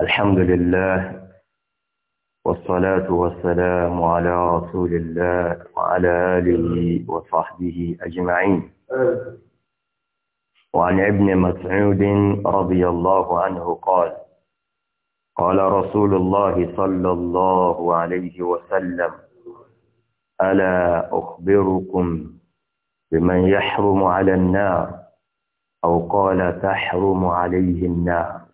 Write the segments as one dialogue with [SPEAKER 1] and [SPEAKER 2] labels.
[SPEAKER 1] الحمد لله والصلاة والسلام على رسول الله وعلى آله وصحبه أجمعين وعن ابن مسعود رضي الله عنه قال قال رسول الله صلى الله عليه وسلم ألا أخبركم بمن يحرم على النار أو قال تحرم عليه النار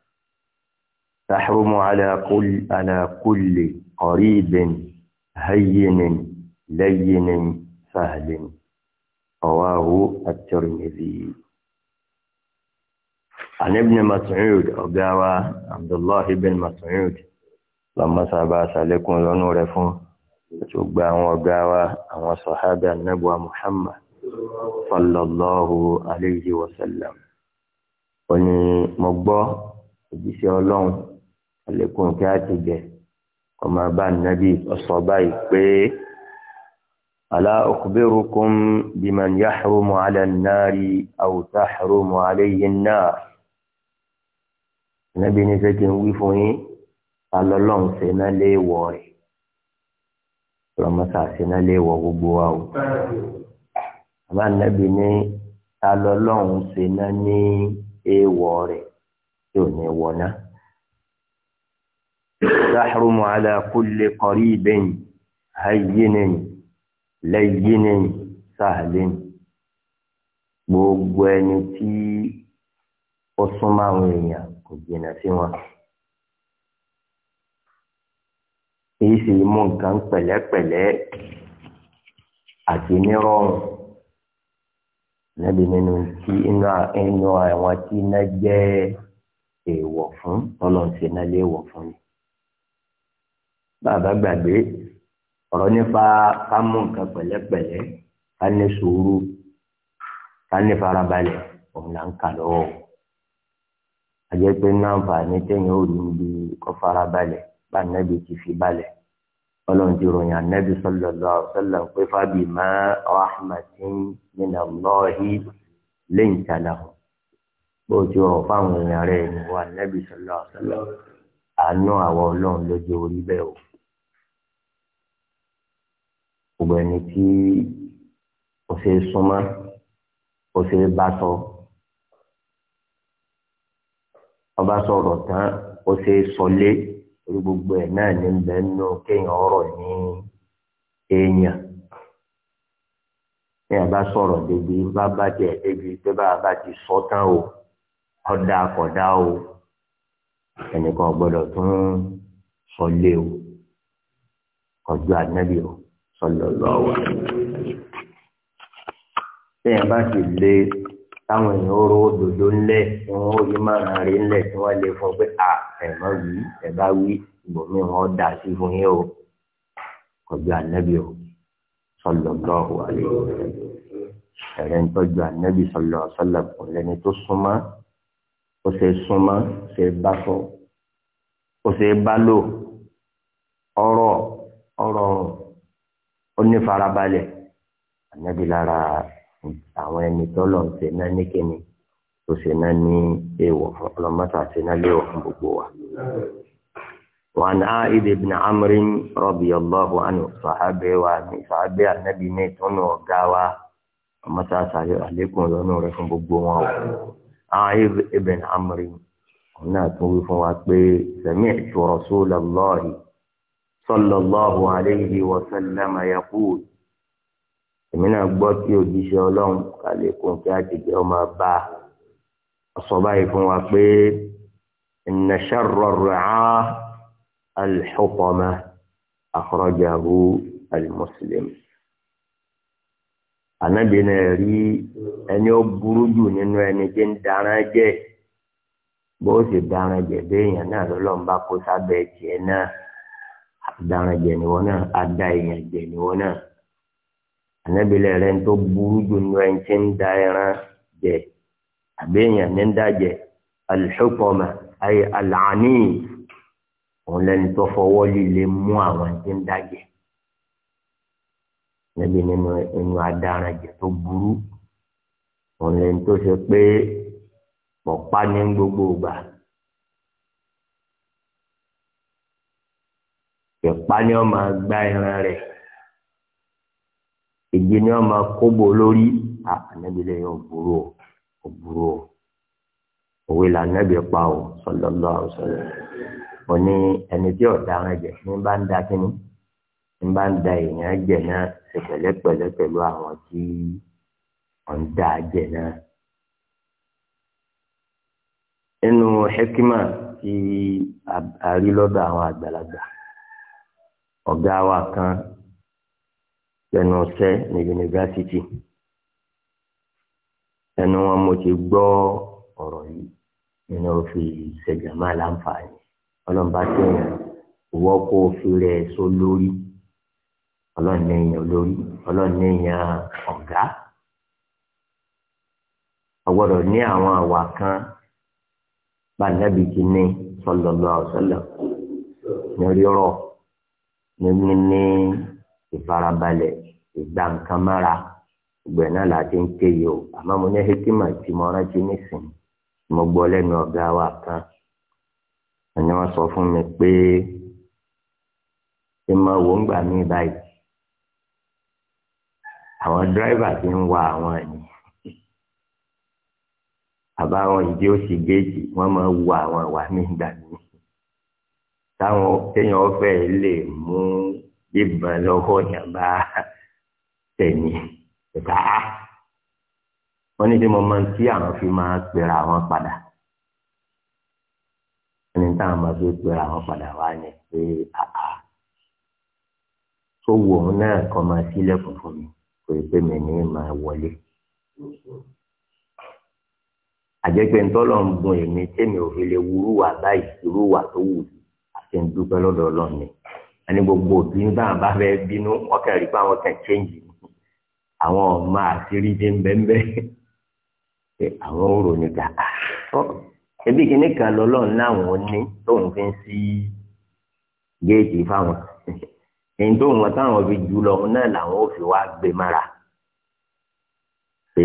[SPEAKER 1] تحرم على كل على كل قريب هين لين سهل رواه الترمذي عن ابن مسعود أبداوى عبد الله بن مسعود لما سبعت عليكم رفون فون تبع وقاوى وصحابة النبوة محمد صلى الله عليه وسلم وني مبا òjíṣẹ́ ọlọ́run àlékún kí á ti jẹ ọmọ bá nàbí ọsọ báyìí pé ala ukhbirukum biman yahrumu ala an-nari aw tahrumu alayhi an-nar nàbí ní sẹ́kì ń wí fún yín alọ́lọ́run ṣe náà lé wọ̀ rẹ̀ lọ́mọ́sà ṣe náà lé wọ̀ gbogbo wa o àbá nàbí ní alọ́lọ́run ṣe náà ní èèwọ̀ rẹ̀ tí ò ní wọ̀ náà. تحرم على كل قريب هين لين سهل gbogbo ẹni tí ó súnmọ́ àwọn èèyàn kò jìnnà sí wọn èyí sì mú nǹkan pẹ̀lẹ́pẹ̀lẹ́ àti nírọ̀rùn níbi nínú tí inú ẹnu tí iná jẹ́ èèwọ̀ fún ọlọ́run ti iná léèwọ̀ fún ni bàbá gbàgbé ọ̀rọ̀ nípa ká mú nǹkan pẹ̀lẹ́pẹ̀lẹ́ ká ní sùúrù ká ní farabalẹ̀ òun là ń kà lọ́wọ́ àjẹ́ pé náà ní téèyàn ò ní bí kó farabalẹ̀ bá nẹ́bi ti fi balẹ̀ ọlọ́run ti ròyìn ànẹ́bi sallallahu alaihi wasallam pé fabima rahmatin minallahi linta lahum bó ti rọ̀ fáwọn èèyàn rẹ̀ nìwọ ànẹ́bi sallallahu alaihi àánú àwọn ọlọ́run lójú orí bẹ́ẹ̀ o. gbogbo ẹni tí ó ṣe é súnmọ́ ó ṣe é bá sọ ọba sọ̀rọ̀ tán ó ṣe sọlé orí gbogbo ẹ̀ náà ní bẹ́ẹ̀ nù kéèyàn ọ̀rọ̀ ní èèyàn ní àbá sọ̀rọ̀ débi bá bá jẹ́ débi pé bá a bá ti sọ tán o ọ̀dà kọ̀dá o ẹnìkan gbọ́dọ̀ tún sọlé o ọjọ́ o. sallallahu alaihi wasallam. téèyàn bá sì lé táwọn èèyàn oró òdòdó ńlẹ̀ tí wọ́n yí márùn-ún rí ńlẹ̀ tí wọ́n lè fọ pé à ẹ̀mọ́ wí ẹ̀bá wí ìbòmí wọn dà sí fún yín o kọjú ànábì o sallallahu alaihi wasallam. ẹ̀rẹ́ ń tọ́jú ànábì sallallahu alaihi kò lẹ́ni tó súnmọ́ ó ṣe súnmọ́ ṣe bá sọ ó ṣe bá lò ọ̀rọ̀ ọ̀rọ̀ ọ̀rùn ní farabalẹ̀ ànábi lára àwọn ẹni tọ́lọ̀ ń ṣe náà ní kíni tó ṣe náà ní èèwọ̀ fún ọlọ́mọta ṣe náà léèwọ̀ fún gbogbo wa. وعن عائد بن عمرو رضي الله عنه صحابي وعن صحابي النبي نيتون وقاوى ومتى صحيح عليكم لأنه رحم بقوة عائد بن عمرو هنا توفوا سمعت رسول الله صلى الله عليه وسلم يقول من أقبط يودي شلون قال يكون كاتب يوم أباه الصبايف وقبيب إن شر الرعاة الحطمة أخرجه المسلم أنا náà rí ẹni ó burú jù nínú ẹni بين أنا darán jẹ bó àdáran jẹ níwọ náà àdá èèyàn jẹ níwọ náà ànábìlẹ̀ rẹ ń tó burú jù nínú ẹni tí ń da ẹran jẹ àbí èèyàn ní ń da jẹ alḥukọ̀mà ayé alàní òun lẹni tó fọwọ́ líle mú àwọn tí ń da jẹ níbi nínú inú adáran jẹ tó burú òun lẹni tó ṣe pé pọ̀pá ní gbogbo ìgbà. ẹ̀pá ni wọ́n máa gbá ẹran rẹ̀ èdè ni wọ́n máa kóbò lórí ànábìlẹ̀ yẹn òbúrò òbúrò òwe là nẹ́bí pa ò sọlọ́lọ́ àwòsọ̀rọ̀ mo ní ẹni tí ọ̀daràn jẹ ní bá ń da kínní ní bá ń da èèyàn jẹ náà ṣe pẹ̀lẹ́pẹ̀lẹ́ pẹ̀lú àwọn tí wọ́n ń da jẹ náà. nínú hekima tí a rí lọ́dọ̀ àwọn àgbàlagbà ọ̀gá wa kan lẹ́nu ọ̀sẹ̀ ní yunifásitì ẹnu wọn mo ti gbọ́ ọ̀rọ̀ yìí nínú òfin ìṣèjàmá láǹfààní ọlọ́mùbá tẹ̀yàn ìwọ kó o fi rẹ̀ so lórí ọlọ́ọ̀nẹ́yìn olórí ọlọ́ọ̀nẹ́yìn ọ̀gá ọgbọ́dọ̀ ní àwọn àwà kan bá nàbìkí ní sallallahu alaihi wasallam ní orí ọ̀rọ̀ ní níní ìfarabalẹ̀ ìgbà nǹkan mára ìgbẹ́ náà láti ń ké yìí o àmọ́ mo ní hekima tí mo rántí nísìnyí mo gbọ́ lẹ́nu ọ̀gá wa kan ẹni wọ́n sọ fún mi pé ìmọ̀ wò ń gbà mí báyìí àwọn dírẹ́fà ti ń wa àwọn ẹ̀yìn àbáwọn ìdí òsì géèjì wọ́n máa ń wo àwọn ìwà mí gbà mí táwọn téèyàn ọ̀fẹ́ lè mú ìbọn lọ́wọ́ yẹn bá tẹ̀mí ẹ̀ka á ah! wọ́n ní tí mo máa ń tí àwọn fi máa pera àwọn padà ẹni táwọn máa fi pera àwọn padà wá ní pé àá tó wò ó náà kọ́ máa sílẹ̀kùn fún mi kò ì pé mi ní máa wọlé àjẹpẹ́ ńtọ́lọ́ gun èmi tèmi ò fi lè wúrú wà báyìí irú wà tó wù àti ń dúpẹ́ lọ́dọ̀ ọlọ́run ni ẹni gbogbo òbí ń bá bá fẹ́ bínú ọkàn rí pé àwọn kan chẹ́ǹjì ni àwọn ọmọ àṣírí ti ń bẹ́ńbẹ́ pé àwọn ò ròyìn gbà á ẹbí kìíní kan lọ́lọ́run láwọn ní tóun fi ń sí géètì fáwọn ẹni tóun wọn táwọn fi jù lọ náà làwọn ò fi wá gbé mára pé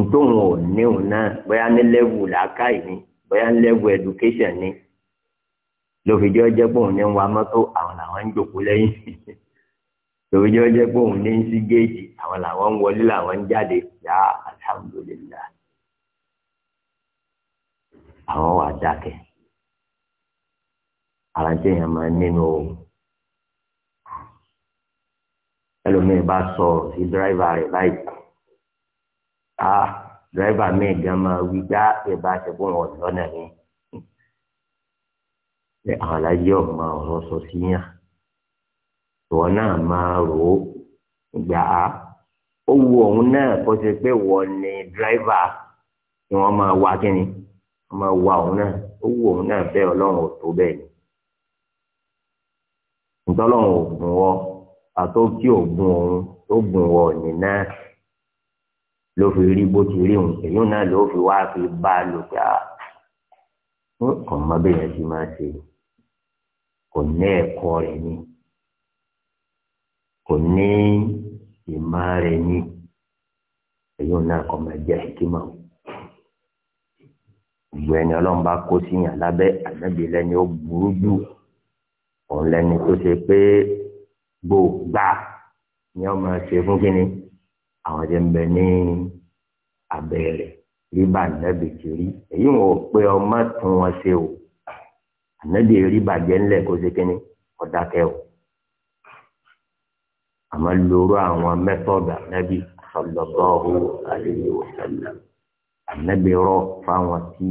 [SPEAKER 1] ntòun ò níhùn náà bóyá ní lẹ́wù làákàyè ni bóyá ní lẹ́wù ẹdùkéṣàn ni lòfìjọ́ jẹ́ pé òun ní ń wa mọ́tò àwọn làwọn ń jòkó lẹ́yìn lòfìjọ́ jẹ́ pé òun ní ń sí géèjì àwọn làwọn ń wọlé làwọn ń jáde yá alhamdulillah àwọn wà dákẹ́ ara tí èèyàn máa nínú o ẹlòmíì bá sọ sí dírẹ́fà rẹ̀ báyìí a ah, dírẹ́fà míì gan máa wí dá ìbáṣepọ̀ wọn lọ́nà yìí pé àwọn aláyé ọmọ ọ̀rọ̀ sọ sí yàn ìwọ náà máa rò ó gbà á ó wu òun náà kó ṣe pé wọ́n ní dírẹ́fà ni wọ́n máa wá kíni wọ́n máa wá òun náà ó wu òun náà bẹ́ẹ̀ ọlọ́run ò tó bẹ́ẹ̀ ni ntọ́lọ́run ò gùn wọ́ àtó kí ò gùn òun tó gùn wọ́ ní náà ló fi rí bó ti rí òun èyí náà ló fi wá fi bá a lò pé ọmọ bẹ́ẹ̀ yẹn ti máa ṣe yìí kò ní ẹ̀kọ́ rẹ̀ ni kò ní ìmọ̀ rẹ̀ ni èyí náà kọ́ máa jẹ́ ìkímọ̀ gbogbo ẹni ọlọ́run bá kó sí yàn lábẹ́ ànábì lẹ́ni ó burú jù òun lẹ́ni tó ṣe pé gbòògbà ni wọ́n máa ṣe fún kínní àwọn ti ń bẹ ní abẹ́rẹ́ rí bá ànábì ti rí èyí wọn ò pé ọmọ tún wọn ṣe o ànábì rí bàjẹ́ ńlẹ̀ kó ṣe kínní ọ̀dákẹ́ o àmọ́ lóru àwọn mẹ́tọ́ọ̀dù ànábì sallallahu alaihi wasallam ànábì rọ fáwọn tí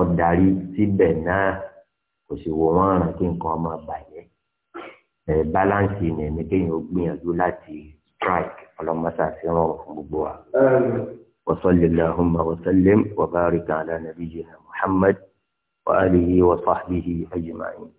[SPEAKER 1] ọ̀darí síbẹ̀ náà kò sì wò wọ́n ràn kí nǹkan ọmọ bàjẹ́ ẹ̀ báláǹsì ni ẹ̀mí kéèyàn ó gbìyànjú láti strike ọlọ́mọta àfihàn fún gbogbo wa. wa sallallahu wa wa barika ala nabiyyina Muhammad. وآله وصحبه أجمعين